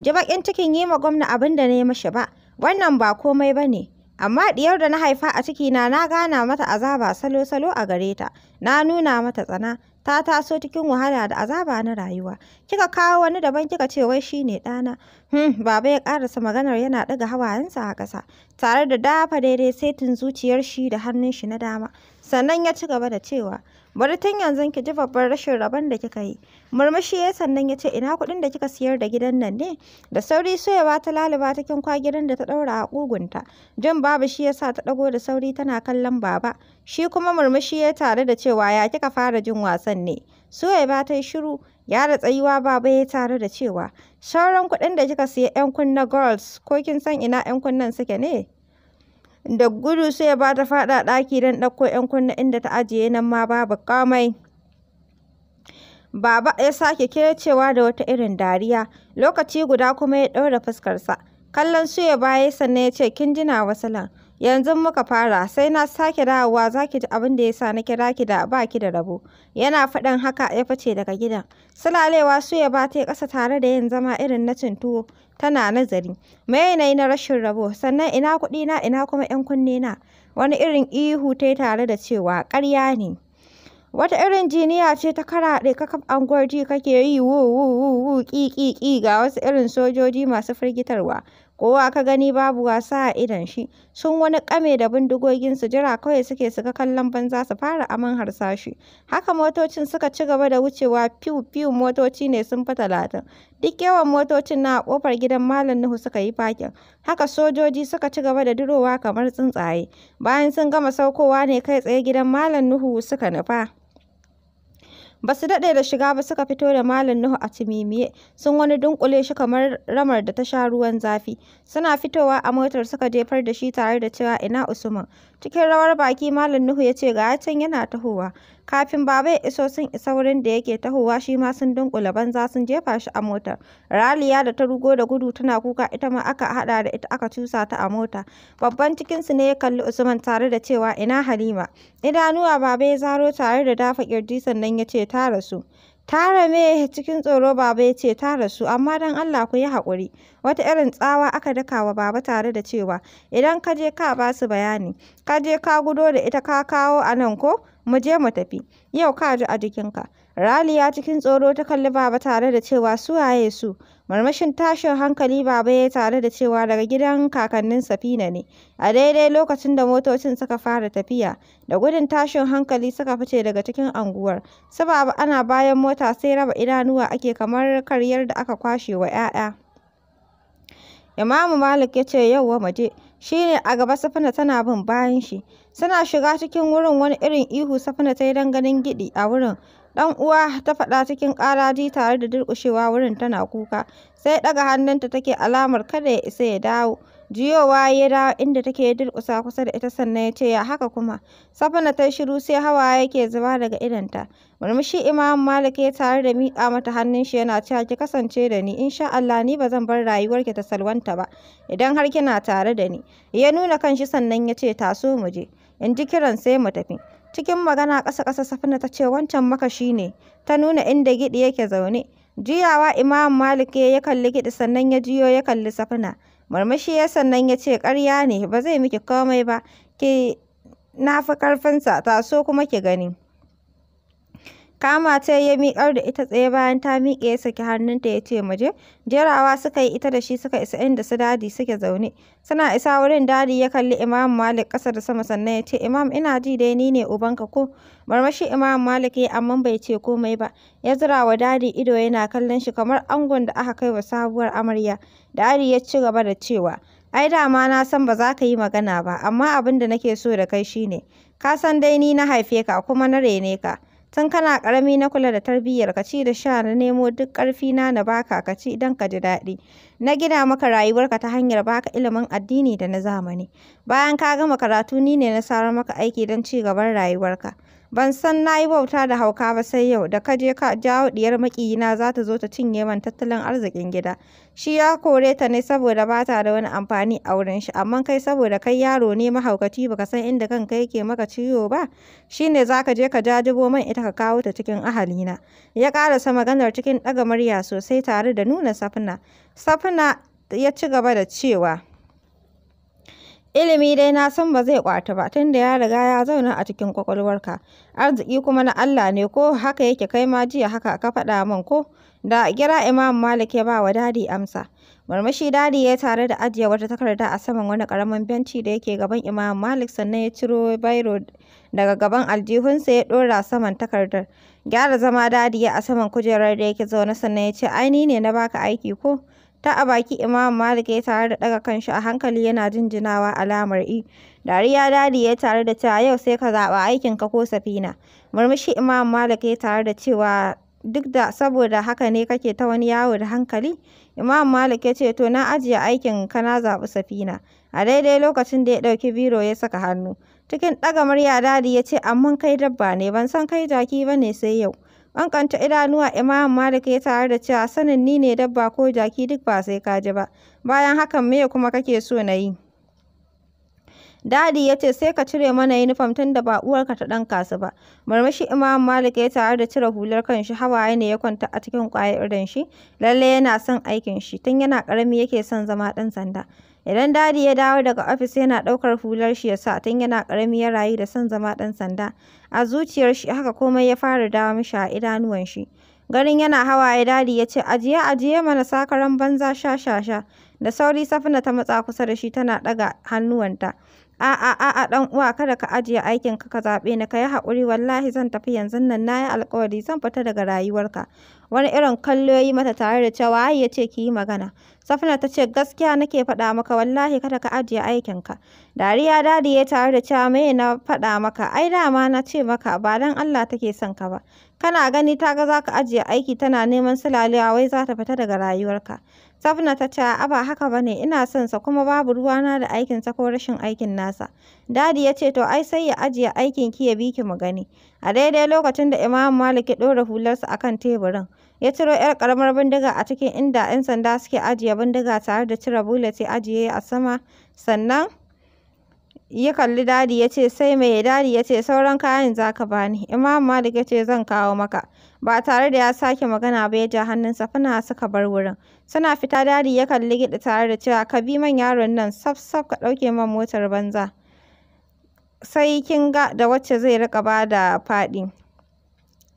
ji bakin cikin yi ma gwamna abin da na yi mashi ba, wannan ba komai ba ne. Amma ɗiyar da na haifa a ciki na na gana mata azaba salo-salo a gare ta, na nuna mata tsana, ta taso cikin wahala da azaba na rayuwa. Kika kawo wani daban kika ce wai shi ne ɗana. Hmm, baba ya karasa maganar yana ɗaga hawayensa a ƙasa, tare da dafa daidai saitin zuciyar shi da hannun shi na dama. Sannan ya ci gaba da cewa, bari tun yanzu ki ji babban rashin rabon da kika yi murmushi ya sannan ya ce ina kuɗin da kika siyar da gidan nan ne da sauri soyawa ta laliba ta kin kwagirin da ta ɗaura a ƙugunta jin babu shi ya sa ta ɗago da sauri tana kallon baba shi kuma murmushi ya tare da cewa ya kika fara jin wasan ne soyaba ta yi shiru 'Ya da tsayuwa baba ya tare da cewa sauran kuɗin da kika siya 'yan kunna girls ko kin san ina 'yan kunnen suke ne Da gudu sai ba ta faɗa ɗaki don ɗauko 'yan kunne inda ta ajiye nan ma babu kamai. Baba ya sake kecewa da wata irin dariya, lokaci guda kuma ya ɗaure fuskarsa. Kallon su ya baye sannan ya ce, kin ji nawa salon. yanzu muka fara sai na sake dawowa za ki ji abin da ya sa na kira ki da ba ki da rabo yana faɗin haka ya fice daga gidan sulalewa su ya ba ta ƙasa tare da yin zama irin na cin tuwo tana nazari me yanayi na rashin rabo sannan ina kuɗi na ina kuma 'yan kunne na wani irin ihu ta tare da cewa ƙarya ne wata irin jiniya ce ta karaɗe kakaf anguwar ji kake yi wu wu wu wu ƙi ƙi ƙi ga wasu irin sojoji masu firgitarwa Kowa ka gani babu wasa a idon shi, sun wani kame da bindigoginsu jira kawai suke suka kallon banza su fara aman harsashi. Haka motocin suka ci gaba da wucewa fiu piu motoci ne sun fi talatin. Duk yawan motocin na kofar gidan Malam Nuhu suka yi fakin. Haka sojoji suka ci gaba da durowa kamar tsuntsaye. Bayan sun gama saukowa ne kai tsaye gidan Malam Nuhu suka nufa. ba su daɗe da shiga ba suka fito da malam nuhu a timimiye sun wani dunkule shi kamar ramar da ta sha ruwan zafi suna fitowa a motar suka jefar da shi tare da cewa ina usman cikin rawar baki malam nuhu ya ce ga can yana tahowa Kafin baba ya iso sun isa wurin da yake tahowa shi ma sun dunkule banza sun jefa shi a mota Raliya da ta rugo da gudu tana kuka ita ma aka hada da ita aka cusa ta a mota. Babban cikin su ne ya kalli Usman tare da cewa ina Halima. Idanuwa baba ya zaro tare da dafa kirji sannan ya ce ta rasu. Tara me cikin tsoro baba ya ce ta rasu amma dan Allah ku yi haƙuri. Wata irin tsawa aka daka wa baba tare da cewa idan ka je ka basu bayani, ka je ka gudo da ita ka kawo a nan ko? mu je mu tafi, yau ka ji a jikinka. Raliya cikin tsoro ta kalli Baba tare da cewa su waye su. Marmashin tashin hankali Baba ya tare da cewa daga gidan kakannin Safina ne. A daidai lokacin da motocin suka fara tafiya, da gudun tashin hankali suka fice daga cikin anguwar. Su Baba ana bayan mota sai raba idanuwa ake kamar karyar da aka kwashe wa 'ya'ya. Imamu Malik ya ce yauwa mu je. shine a gaba Safina tana bin bayan shi. Suna shiga cikin wurin wani irin ihu Safina ta yi dangane ganin giɗi a wurin. dan uwa ta faɗa cikin ƙaraji tare da durƙushewa wurin tana kuka. Sai ɗaga hannunta take alamar kada ya isa ya dawo. Juyowa ya dawo inda take ya durƙusa kusa da ita sannan ya ce, ya haka kuma? Safina ta shiru sai hawaye yake zuba daga idonta. Murmushi Imam Malik ya tare da miƙa mata hannun shi yana cewa ki kasance da ni insha Allah ni ba zan bar rayuwarki ta salwanta ba idan har kina tare da ni. Ya nuna kanshi sannan ya ce taso mu je. In ji kiran sai mu tafi. Cikin magana ƙasa-ƙasa Safina ta ce wancan makashi ne. Ta nuna inda gidi yake zaune. Juyawa Imam Malik ya kalli gidi sannan ya jiyo ya kalli Safina. Murmushi ya sannan ya ce ƙarya ne ba zai miki komai ba, ki na fi ƙarfinsa taso kuma ki gani. Kama ta ya miƙar da ita tsaye bayan ta miƙe ya saki hannunta ya ce mu je. Jerawa suka yi ita da shi suka isa inda su dadi suke zaune. Suna isa wurin dadi ya kalli Imam Malik ƙasa da sama sannan ya ce Imam ina ji dai ni ne ubanka ko. Marmashi Imam Malik ya amma bai ce komai ba. Ya zura, wa dadi ido yana kallon shi kamar angon da aka kai wa sabuwar amarya. Dadi ya ci gaba da cewa ai dama na san ba za ka yi magana ba amma abin da nake so da kai shine ka san dai ni na haife ka kuma na rene ka. Tun kana ƙarami na kula da tarbiyyar ka ci da sha na nemo duk ƙarfina na na baka ka ci don ka ji daɗi. Na gina maka rayuwarka ta hanyar baka ilimin addini da na zamani. Bayan ka gama karatu ni ne na samar maka aiki don ci gaban rayuwarka. Ban san na yi bauta da hauka ba sai yau, da ka je ka jawo ɗiyar makiyina za ta zo ta cinye man tattalin arzikin gida. Shi ya kore ta ne saboda ba ta da wani amfani a wurin shi, amma kai saboda kai yaro ne mahaukaci baka san inda kanka yake maka ciwo ba, shi ne za ka je ka jajibo man ita ka kawo ta cikin ahalina. Ya ƙarasa maganar cikin ɗaga murya sosai tare da nuna safina. Safina ya ci gaba da cewa. Ilimi dai na san ba zai kwata ba tun da ya riga ya zauna a cikin kwakwalwarka Arziki kuma na Allah ne ko haka yake kai ma jiya haka ka faɗa min ko? Da gira Imam Malik ya ba wa dadi amsa. Murmushi dadi ya tare da ajiye wata takarda a saman wani karamin benci da yake gaban Imam Malik sannan ya ciro bairo daga gaban aljihunsa ya dora saman takardar. Gyara zama dadi ya a saman kujerar da yake zaune sannan ya ce ai ni ne na baka aiki ko? ta a baki Imam Malik ya tare da ɗaga kanshi a hankali yana jinjinawa alamar i. Dariya dadi ya tare da cewa yau sai ka zaɓa ka ko safina. Murmushi Imam Malik ya tare da cewa duk da saboda haka ne kake ta wani yawo da hankali. Imam Malik ya ce to na ajiye aikin ka na zaɓi safina. A daidai lokacin da ya ɗauki biro ya saka hannu. Cikin ɗaga murya dadi ya ce amman kai dabba ne ban san kai jaki ba ne sai yau. Ƙanƙanta idanuwa Imam Malik ya tare da cewa sanin ni ne dabba ko jaki duk ba sai ka ji ba. Bayan hakan me kuma kake so na yi? Dadi ya ce sai ka cire mana yinifom tun da ba uwarka ta dan kasu ba. Murmushi Imam Malik ya tare da cire hular kan shi hawaye ne ya kwanta a cikin kwayar shi. Lalle yana son aikin shi tun yana karami yake son zama ɗan sanda. Idan Dadi ya dawo daga ofis yana ɗaukar hular shi ya sa, tun yana ƙarami ya rayu da son zama ɗan sanda. A zuciyar shi haka komai ya fara dawo mishi a idanuwan shi. garin yana ya Dadi ya ce, ajiye ajiye mana sakaran banza sha sha sha. Da sauri Safina ta matsa kusa da shi tana ɗaga hannuwanta. a a ɗan uwa kada ka ajiye aikin ka ka zaɓe ni ka yi haƙuri wallahi zan tafi yanzu nan na yi alƙawari zan fita daga rayuwarka. Wani irin kallo ya yi mata tare da cewa ya ce ki yi magana. Safina ta ce gaskiya nake faɗa maka wallahi kada ka ajiye aikinka. Dariya dadi ya tare da cewa me na faɗa maka ai dama na ce maka ba dan Allah take son ka ba. Kana gani ta ga za ajiye aiki tana neman sulalewa wai za ta fita daga rayuwarka. Safina ta ce a ba haka ba ne ina son sa kuma babu ruwa na da aikin sa ko rashin aikin nasa. Dadi ya ce to ai sai ya ajiye aikin ki ya bi ki mu gani. A daidai lokacin da Imam Malik ya ɗora hularsa akan teburin. Ya ciro 'yar karamar bindiga a cikin inda 'yan sanda suke ajiye bindiga tare da cire bulet ya ajiye a sama, sannan ya kalli dadi ya ce sai mai dadi ya ce sauran kayan za ka bani imam malik ya ce zan kawo maka ba tare da ya sake magana ba ya ja hannunsa fana suka bar wurin suna fita dadi ya kalli gida tare da cewa ka bi man yaron nan saf saf ka ɗauke man motar banza sai kin ga da wacce zai rika ba da faɗi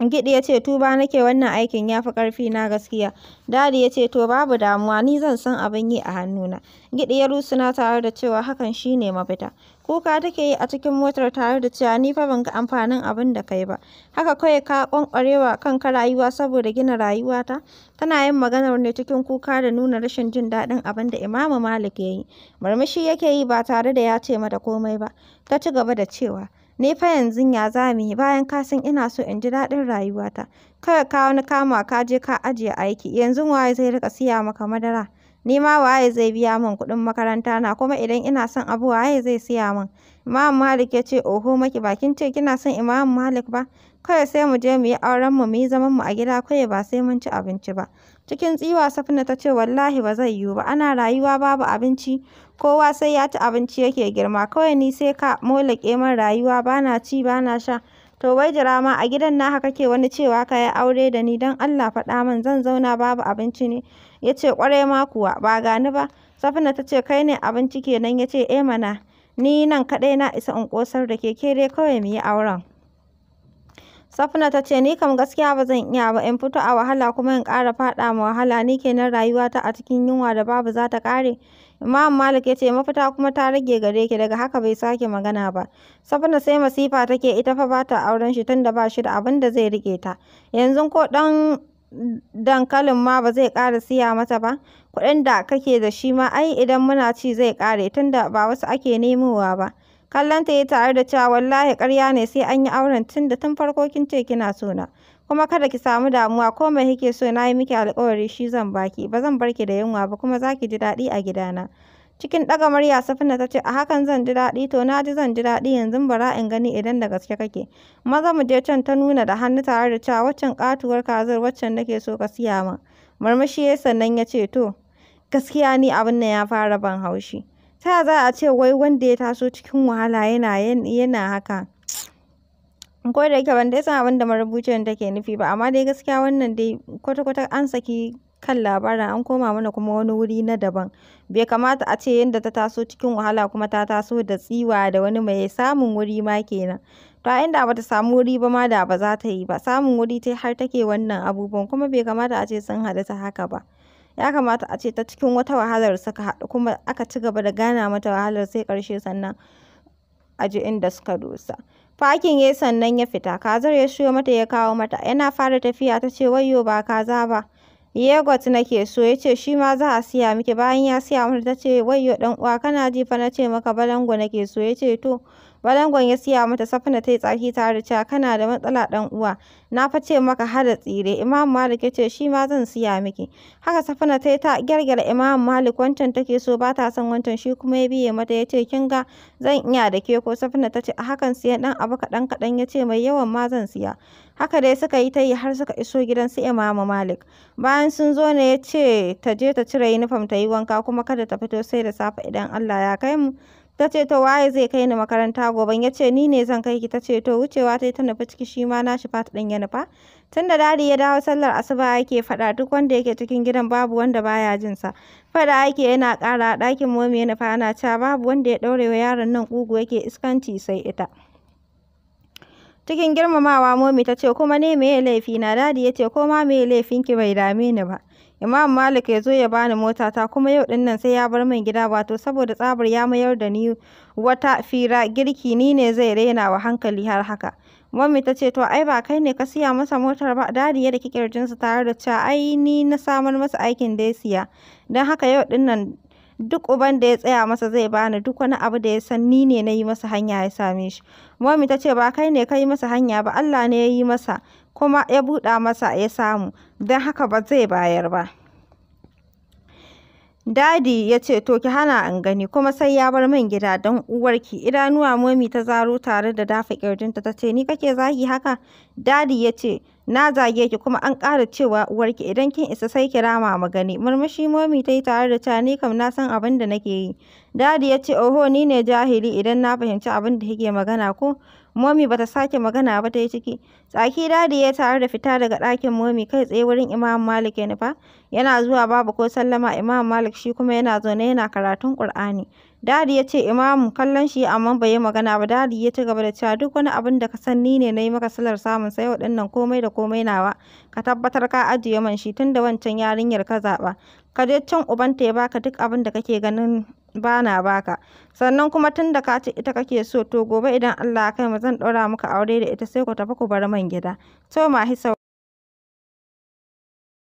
Gidi ya ce tuba nake wannan aikin ya fi na gaskiya. Dadi ya ce to babu damuwa ni zan san abin yi a hannuna. Gidi ya rusuna tare da cewa hakan shi ne mafita. Kuka take yi a cikin motar tare da cewa ni fa ban ga amfanin abin da kai ba. Haka kawai ka kwankwarewa kanka rayuwa saboda gina rayuwata. Tana yin maganar ne cikin kuka da nuna rashin jin daɗin abin da Imamu Malik ya yi. Murmushi yake yi ba tare da ya ce mata komai ba. Ta ci gaba da cewa Ni fa yanzu ya za mu yi, bayan ka san ina so in ji daɗin rayuwata, kawai ka wani kama ka je ka ajiye aiki, yanzu waye zai rika siya maka madara? Ni ma waye zai biya min kuɗin makaranta na kuma idan ina son abu waye zai siya min? Imam Malik ya ce oho maki ba ce kina son Imam Malik ba? Kawai sai mu je mu yi aurenmu mu yi zaman mu a gida kawai ba sai mun ci abinci ba. Cikin tsiwa Safina ta ce wallahi ba zai yiwu ba, ana rayuwa babu abinci, kowa sai ya ci abinci yake girma, kawai ni sai ka molaƙe min rayuwa ba na ci ba na sha. To wai jira a gidan na haka kake wani cewa ka yi aure da ni don Allah faɗa min zan zauna babu abinci ne? Ya ce ƙwarai ma kuwa, ba gani ba. Safina ta ce kai ne abinci kenan ya ce eh mana, ni nan kaɗai na isa in ƙosar da ke, ke dai kawai mu yi auren. Safna ta ce ni kam gaskiya ba zan iya ba in fito a wahala kuma in kara faɗa ma wahala ni kenan ta a cikin yunwa da babu za ta ƙare. Imam Malik ya ce mafita kuma ta rage gare ki daga haka bai sake magana ba. Safna sai masifa take ita fa bata auren shi tunda ba shi da abin da zai rike ta. Yanzu ko ɗan dankalin ma ba zai ƙara siya mata ba. Kuɗin da kake da shi ma ai idan muna ci zai ƙare tunda ba wasu ake nemowa ba. kallon ta yi tare da cewa wallahi ƙarya ne sai an yi auren tun da tun farko kin ce kina so na. Kuma kada ki samu damuwa ko mai kike so na yi miki alƙawari shi zan baki. Ba zan bar ki da yunwa ba kuma za ki ji daɗi a gidana. Cikin ɗaga murya Safina ta ce a hakan zan ji daɗi to na ji zan ji daɗi yanzu bara in gani idan da gaske kake. Maza mu je can ta nuna da hannu tare da cewa waccan katuwar kazar waccan nake so ka siya ma Murmushi sannan ya ce to gaskiya ni abin nan ya fara ban haushi. Ta za a ce wai wanda ya taso cikin wahala yana haka? Ko da yake ban ya san abin da marubuciyar take nufi ba, amma dai gaskiya wannan dai kwata-kwata an saki kan labarin an koma mana kuma wani wuri na daban. Bai kamata a ce yadda ta taso cikin wahala kuma ta taso da tsiwa da wani mai samun wuri ma kenan. To a inda bata samu wuri ba ma da ba za ta yi ba, samun wuri ta har take wannan abubuwan kuma bai kamata a ce sun haɗu ta haka ba. ya kamata a ce ta cikin wata wahalar suka haɗu kuma aka ci gaba da gana mata wahalar sai karshe sannan a ji inda suka dosa. Fakin ya sannan ya fita, kazar ya shiyo mata ya kawo mata, yana fara tafiya ta ce wayyo ba kaza ba. Yegot nake so ya ce shi ma za a siya miki bayan ya siya mata ta ce wayyo dan uwa kana ji fa na ce maka balango nake so ya ce to Balangon ya siya mata Safina ta yi tsaki tare da cewa kana da matsala ɗan uwa. Na fa ce maka hada tsire. Imam Malik ya ce shi ma zan siya miki. Haka Safina ta yi ta gyargyara Imam Malik wancan take so ba ta son wancan shi kuma ya biye mata ya ce kin ga zan iya da ke ko Safina ta ce a hakan siya dan abu kaɗan kaɗan ya ce mai yawan ma zan siya. Haka dai suka yi ta yi har suka iso gidan su Imam Malik. Bayan sun zo ne ya ce ta je ta cire yunifam ta yi wanka kuma kada ta fito sai da safe idan Allah ya kai mu. Ta ce to waye zai kai ni makaranta goben ya ce ni ne zan kai ki ta ce to wucewa ta yi ta nufi ciki shi ma na shi fat ɗin ya nufa. Tun da dadi ya dawo sallar asuba yake faɗa duk wanda yake cikin gidan babu wanda baya jin sa. Faɗa yake yana ƙara ɗakin momi ya nufa ana cewa babu wanda ya ɗaure wa yaron nan ƙugu yake iskanci sai ita. Cikin girmamawa momi ta ce kuma ne me laifi na dadi ya ce ko ma me laifin ki bai dame ni ba. Imam Malik ya zo ya bani motata kuma yau ɗin nan sai ya bar min gida wato saboda tsabar ya mayar da ni wata fira girki ni ne zai raina wa hankali har haka. Momi ta ce to ai ba kai ne ka siya masa motar ba dadi ya da kirjinsa tare da cewa ai ni na samar masa aikin da ya siya. Don haka yau ɗin nan duk uban da ya tsaya masa zai bani duk wani abu da ya san ni ne na yi masa hanya ya same shi. Momi ta ce ba kai ne ka yi masa hanya ba Allah ne ya yi masa. kuma ya buɗa masa ya samu, don haka ba zai bayar ba. Dadi ya ce to ki hana in gani kuma sai ya bar min gida don uwarki idanuwa momi ta zaro tare da dafa kirjinta ta ce ni kake zagi haka dadi ya ce na zage ki kuma an ƙara cewa uwarki idan kin isa sai ki rama mu gani murmushi momi ta yi tare da ta ni kam na san abin da nake yi dadi ya ce oho ni ne jahili idan na fahimci abin da kike magana ko Momi bata sake magana ba ta yi ciki. Tsaki dadi ya tare da fita daga ɗakin Momi kai tsaye wurin Imam Malik ya nufa. Yana zuwa babu ko sallama Imam Malik shi kuma yana zaune yana karatun kur'ani Dadi ya ce Imam kallon shi amma bai yi magana ba. Dadi ya ci gaba da cewa duk wani abin da ka san ni ne na yi maka salar samun sayo ɗinnan komai da komai nawa. Ka tabbatar ka ajiye man shi tun da wancan yarinyar ka zaɓa. Ka je can ubanta ya baka duk abin da kake ganin ba na baka sannan kuma tun da ka ce ita kake so to gobe idan Allah ya kai mu zan ɗora muka aure da ita sai ku tafi ku bar man gida to ma hisa